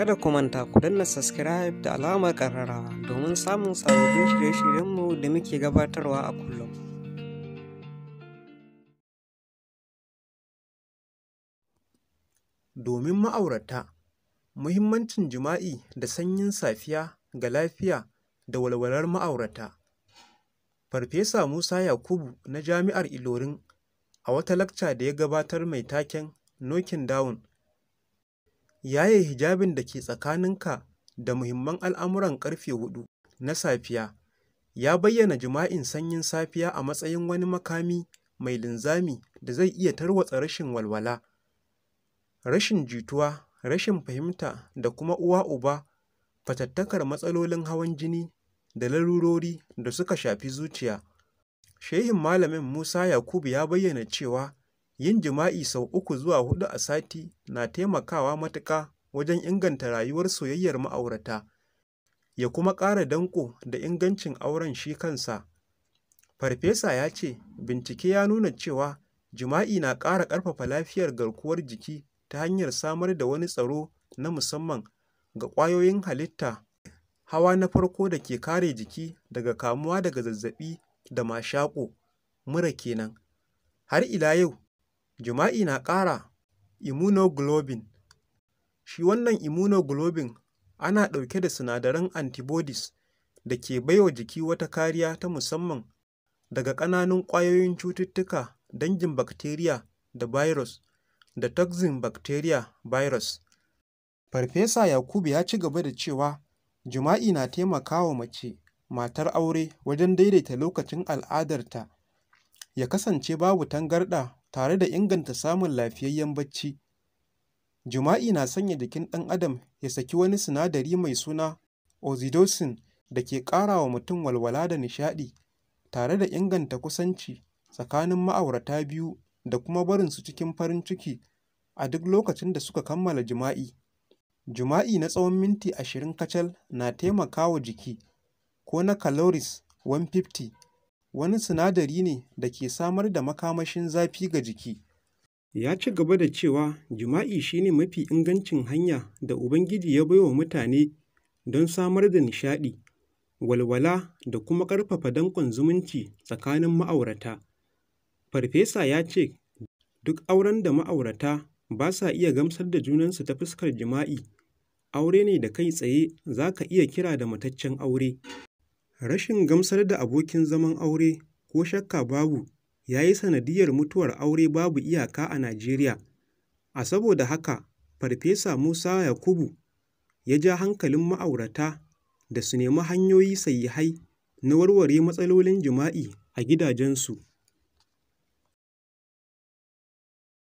Kada ku manta ku danna subscribe da alamar ƙararrawa domin samun sababbin shirye-shiryenmu da muke gabatarwa a kullum. Domin ma'aurata, muhimmancin jima'i da sanyin safiya ga lafiya da walwalar ma'aurata. Farfesa Musa Yakubu na Jami'ar Ilorin a wata lakca da ya gabatar mai taken Nokin Down Ya yi hijabin da ke tsakaninka da muhimman al'amuran ƙarfe hudu na safiya ya bayyana jima'in sanyin safiya a matsayin wani makami mai linzami da zai iya tarwatsa rashin walwala, rashin jituwa, rashin fahimta da kuma uwa-uba fatattakar matsalolin hawan jini da larurori da suka shafi zuciya. Shehin Malamin Musa Yakubu ya bayyana cewa Yin jima'i sau uku zuwa hudu a sati na taimakawa matuƙa wajen inganta rayuwar soyayyar ma'aurata ya kuma ƙara danƙo da ingancin auren shi kansa. Farfesa ya ce bincike ya nuna cewa jima'i na ƙara ƙarfafa lafiyar garkuwar jiki ta hanyar samar da wani tsaro na musamman ga ƙwayoyin halitta hawa na farko da ke kare jiki daga kamuwa daga zazzaɓi da mashaƙo (mura kenan). Har ila yau, Jima'i na ƙara immunoglobin Shi wannan immunoglobulin ana ɗauke da sinadaran antibodies da ke baiwa jiki wata kariya ta musamman daga ƙananun ƙwayoyin cututtuka dangin bakteriya da virus da toxin bacteria virus. Farfesa Yakubu ya ci gaba da cewa jima'i na taimaka wa mace matar aure wajen daidaita lokacin al'adarta ya kasance babu tangarɗa tare da inganta samun lafiyayyen bacci. Jima'i na sanya jikin ɗan adam ya saki wani sinadari mai suna oxytocin da ke ƙara wa mutum walwala da nishaɗi, tare da inganta kusanci tsakanin ma'aurata biyu da kuma barin su cikin farin ciki a duk lokacin da suka kammala jima'i. Jima'i na tsawon minti ashirin kacal na taimaka wa jiki, ko na calories 150 wani sinadari ne da ke samar da makamashin zafi ga jiki. Ya ci gaba da cewa jima'i shine mafi ingancin hanya da Ubangiji ya baiwa mutane don samar da nishaɗi, walwala da kuma ƙarfafa dankon zumunci tsakanin ma'aurata. Farfesa ya ce, duk auren da ma'aurata ba sa iya gamsar da junansu ta fuskar jima'i, aure ne da kai tsaye za ka iya kira da mataccen aure. Rashin gamsar da abokin zaman aure, ko shakka babu, ya yi sanadiyyar mutuwar aure babu iyaka a Najeriya, a saboda haka Farfesa Musa Yakubu ya ja hankalin ma'aurata da su nemi hanyoyi hai na warware matsalolin jima'i a gidajensu.